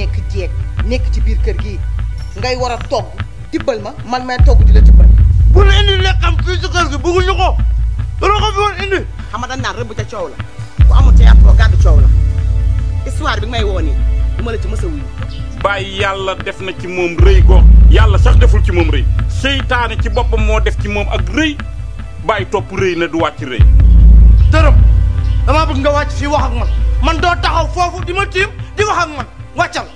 nekk jeeg nekk ci biir kër gi ngay war a togg tibbal ma man may togg di la tibbal. bu la indi lekk am fii ci kër gi bëgguñu ko. dana ko fi woon indi. xam nga dañ naan rëbb ca coow la bu amul ca yàppoo gàddu bi may woo nii du ma la ci yàlla def na ci moom rëy yàlla sax deful ci moom rëy seytaane ci boppam moo def ci moom ak rëy bàyyi topp du wàcc nga wàcc fii wax ak man doo taxaw foofu di ma tiim di wax ak wàccal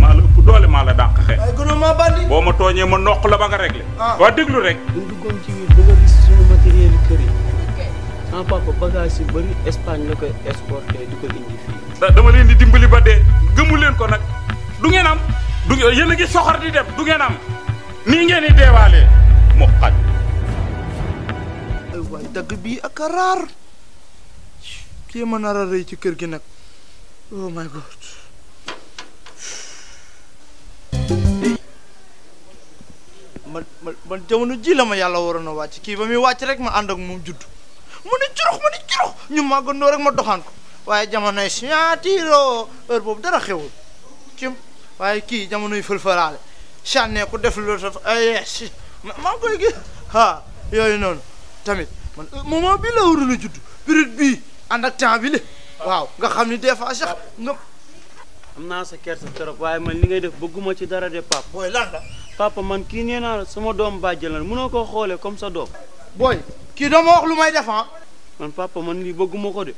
maa la ëpp doole maa la dàq xeex ay ma tooñee ma noq la ba nga réglé ah. waa déglu rek buñ duggoon la ko indi dama leen di dimbali ba dee gëmu leen ko nag du ngeen am du yéen a ngi soxor di dem du ngeen am nii ngeen di deewaalee mu xaj dagg bii ak a raar kii mën a rarëy ci kër gi nag oh my god ma man man jamono ji la ma yàlla waroon a wàcc kii ba muy wàcc rek ma ànd ak moom judd mu ni curux ma ni curux ñu màggandoo rek ma doxaan ko waaye jamonoy siñaatiiroo heure boobu dara xewul ci waaye kii jamonoy fëlfëlaale sànnee ku def loolu saf ay si maa koy gis ha yooyu noonu tamit man moment bii la waroon a judd bii ànd ak temps bi waaw nga xam ni des fois sax am naa sa kersa trop waaye man li ngay def bëgguma ci dara de papa. booy lan la. papa man kii nee naa la sama doom bàjjal la mënoo koo xoolee comme sa doom. booy kii doo ma wax lu may def ah. man papa man lii bëgguma ko de.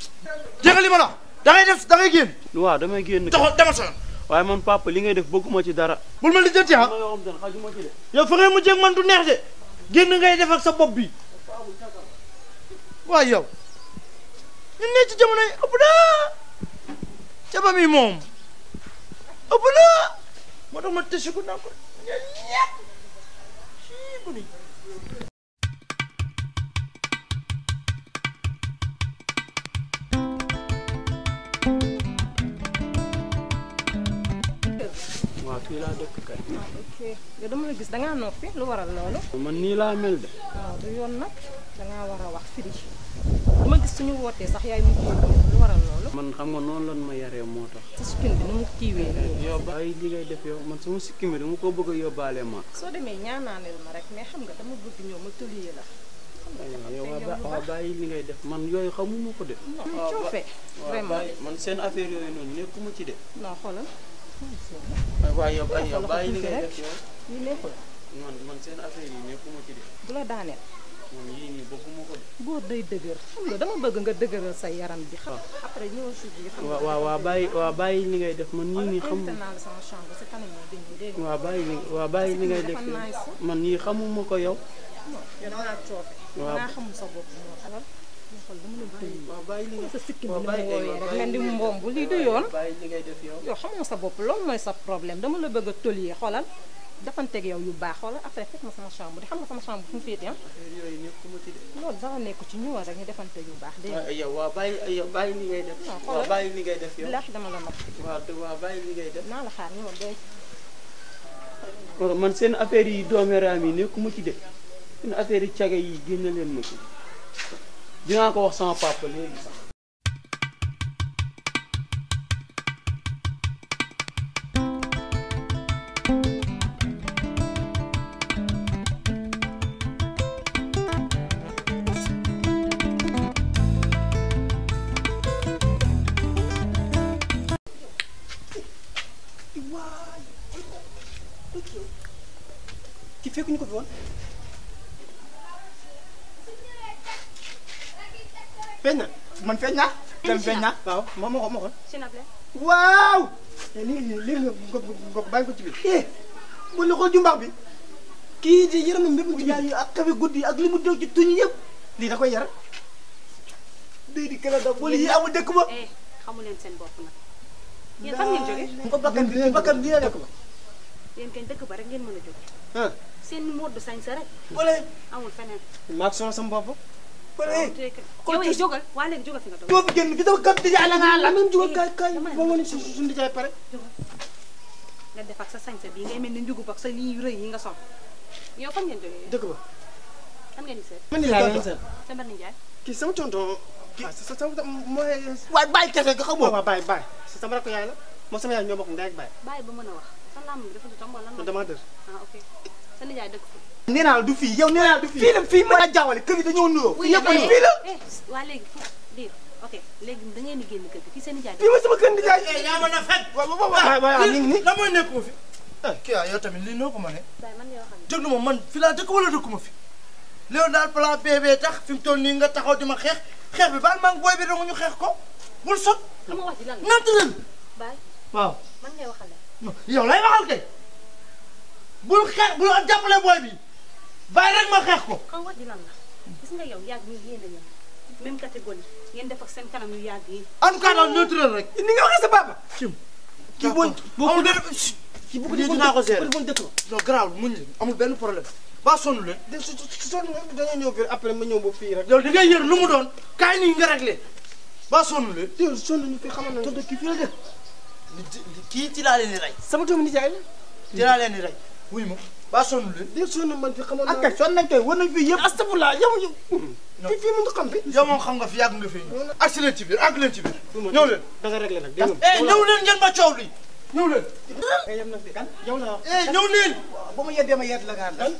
jégal li ma la da ngay def da ngay damay génn. taxaw demal sa waaye man papa li ngay def bëgguma ci dara. bul ma ah? li jënd ah. yow fa ngay mujjee man du neex de. génn ngay def ak sa bopp bi. waaye yow. ñun ne ci jamono yi ëpp naa. jaba mi moom. ëpp na moo tax ma tësi ok yow dama la gis da ngaa noppi lu waral loolu. man nii laa mel de. waaw du yoon nag da ngaa war a wax firi. ma gis suñu wootee sax yaay mu lu waral loolu. man xam nga noonu lan ma yaree moo tax. sa sikkim bi ni mu kiiwee. yóbba ay li ngay def yow man sama ko bëgg a yóbbaale ma. soo demee ñaanaaleel ma rek mais xam nga dama bëgg ñëw ma tuliyee la. yow waa ah, ah, bàyyi li ngay def man yooyu xamuma ko de. Ah, coofee vraiment seen affaire yooyu noonu nekkuma ci de. non xoolal. waaye yow bàyyi li yi nekkuma ci de. bu la daaneel. góor day dëgër xam nga dama bëgg nga dëgëral sa yaram bi. xam nga après ñëw si biir. xam nga waaw waaw bàyyi waaw bàyyi li ngay def man yii nii xam. waaw bàyyi li waaw bàyyi li ngay def man yii xamuma ko yow. waaw waaw sa sikki bi ni ma wooyee rek mel ni mboom bu lii du yoon. yow xamoo sa bopp loolu mooy sa problème dama la bëgg a tolli xoolal defanteeg yow yu baax wala après fekk ma sama chambre di xam nga sama chambre fu mu féete ah. yooyu nekkuma ci de. loolu dara nekku ci ñëwal baax. dégg nga waaw yow waaw bàyyi yow bàyyi li ngay def. waaw xoolal bàyyi dama la mag. waaw te waaw bàyyi li ngay def. naa la xaar ñëwal doy. kon man seen affaire yi dooméeraam yi nekkuma ci de seen affaire yi caga yi génne leen ma ci dinaa ko wax sama papa léegi sax. woon feeñ na man feeñ naa. tam moo ko moo ko. waaw. li li nga ko bàyyi ko ci biir. eh bu la xool jumbax bi kii di yaram na mbépp jaay ak kafe guddi ak li mu dew ci tuñ yëpp lii da koy yaram. day di kala da boole yi amul dëkk ba. xamu leen seen bopp nag. yéen fan ngeen jógee. ko bakkan bi bakkan bi la dëkk ba rek ngeen mën a jógee. seen mode de sañse rek. amul feneen. maa ngi sonal sama bopp. Eh. Eh, bële yow eh, it jógal waa léegi jógal fi nga toog. doo fi génn gi sama kàddu jaay la nga la même ba ma ne si suñu jaay pare. nga def sa sañse bii ngay mel ni njugub ak sa lii yi nga sol yow fan ngeen jógee. dëkk ba. kan ngeen di seet. man Ndiaye ngeen sama tonton. waaw sa sa mooy. waaw bàyyi kese nga xamoo. waaw bàyyi bàyyi sama la moom a wax sa làmm bi dafa du tam wala. dama dër ah nee naa la du fii yow nee naa la du fii. fii la fii mën a jaawale kër yi dañoo nuyoo. yëpp a fii la eh, eh, waa léegi fii léegi da ngeen di génn kër gi fii seen nijaay. fii ma sama kër nijaay. Eh, yaa ma na fekk. waaw waaw waaw waaw ni ni la mooy nekkuma fi. kii ah, ma man fi laa dëkk wala dëkkuma fi. léegi daal plan BB tax fi mu toll nii nga taxaw di ma xeex xeex bi baal maa ngi booy bi dong ñu xeex ko bul sot. xam nga wax ji lan la nant leen. waaw man ngay waxal yow lay waxal kay bul xeex bul jàppale booy bi bàyyi rek ma xeex ko. xam nga di lan la gis nga yow yàgg ñu yéen a yem même catégorie ngeen def ak seen kanam yu yàgg yi. en tout cas daal neutre rek. ni nga waxee sa papa. kim kii boo amul benn kii bu ko defee dinaa ko seere non garaaw muñ leen amul benn problème ba sonn leen. de su su après ma ñëw ba fii rek. yow li ngay yër lu mu doon kaay nii nga ba sonn leen. yow ñu fi xamal na tontu kii fii la def. kii ci laa leen di rey. sama doomu nijaay la. ci laa leen di rey. wuy ma waa sonn leen. déet sonn man fi xamoon naa ak sonn nañ koy war nañ fi yëpp. astafurlah yow yow. fii fii mënut xam bi. yow moom xam nga fi yàgg nga fi. agsi leen ci biir àgg leen ci biir. ñëw leen da nga réglé nag. eh ñëw leen ngeen ma coow li ñëw leen. Eh, yow na fi kan yow la wax. eh ñëw leen. waaw ba ma yeddee ma yedd la nga àndal.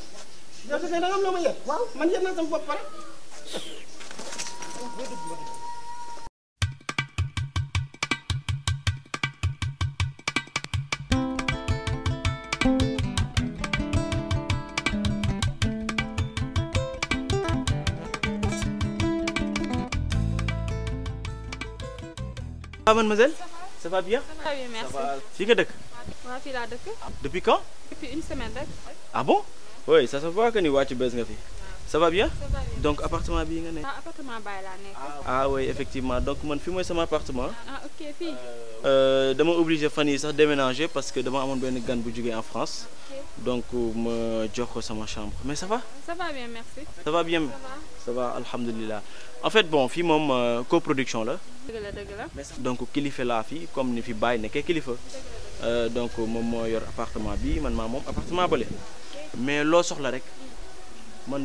yow da nga am loo ma yedd. waaw man yedd naa sama bopp pare. waaw mademoiselle. ça va bien. ça bien merci. fii nga dëkk. waaw fii laa dëkk. depuis quand. depuis une semaine rek. ah bon. oui ça se voit que ni nga fi. sa va bien donc appartement bii nga nekk. Ah, appartement Baye laa nekk. Ah, ah, effectivement donc man fi mooy sama appartement. ah ok euh, fan yi sax déménager parce que dama amoon benn gan bu jógee en donc ma jox ko sama chambre mais ça va. ça bon fii moom euh, coproduction la. la donc kilifa laa comme ni fi Baye nekkee kilifa. Euh, donc moom moo yor appartement bi man maa moom appartement bële mais loo soxla rek man.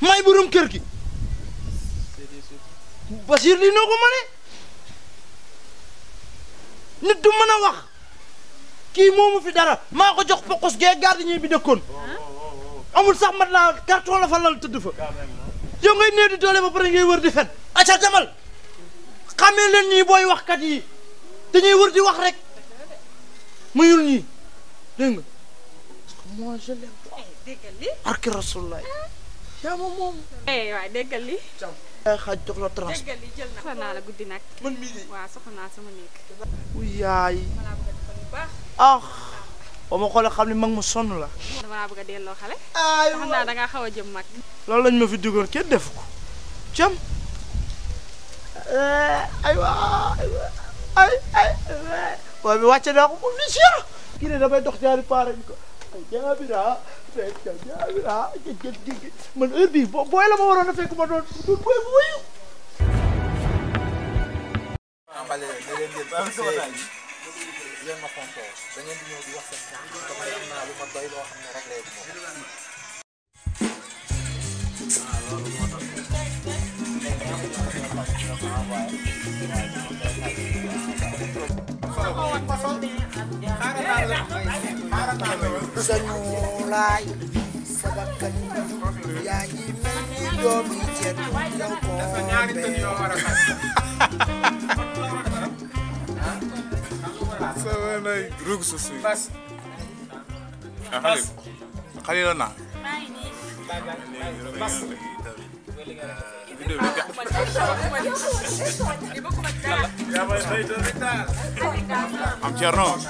may borom kër gi Basiir lii noo ko mënee nit du mën a wax kii moomu fi dara maa ko jox pokkus gee gardien bi dëkkoon amul sax mat laa carton la fa lal tëdd fa yow ngay néew di doole ba pare ngay wër di fen aca demal xamee leen ñii booy waxkat yi dañuy wër di wax rek muyul ñii dégg nga parce eh, que yaa moom moom. Eh, déggal li. jàmm xaaj jox la transport. déggal li jël na. soxla naa la guddi nag. man soxla naa sama néeg. yaay. ah. ba ma xoolee xam ne mag mu sonn la. dama laa bëgg a delloo xale. aywa xam naa da ngaa xaw a jëm mag. loolu lañ ma fi digoon kenn def ko. jëm. aywa aywa waaye bi wàcce naa ko moom ni si kii ne damay dox ñaari paar ko. ay jaa ah man heure bii bo booy la ma waroon a fekk ma doon doon booy bu wuyu. ah Mbale da ngeen jël conseil bi yéen ma tontoo da ngeen di ñëw di wax seen kàddu te man am naa lu ma doy loo xam ne rek lay moom. waaw loolu moo tax. laay sa bakkan yaa ngi mel ni doom yi ceeb yow moo bee. bas am Thierno muy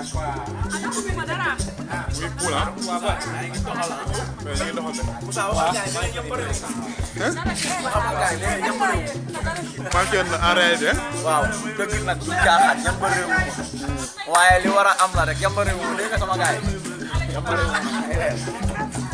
cool ah man kenn en réalité waaw dëgg nag du caaxaan yambareewu ma waaye li war a am la rek yambareewu léegi sama gars yi yambareewu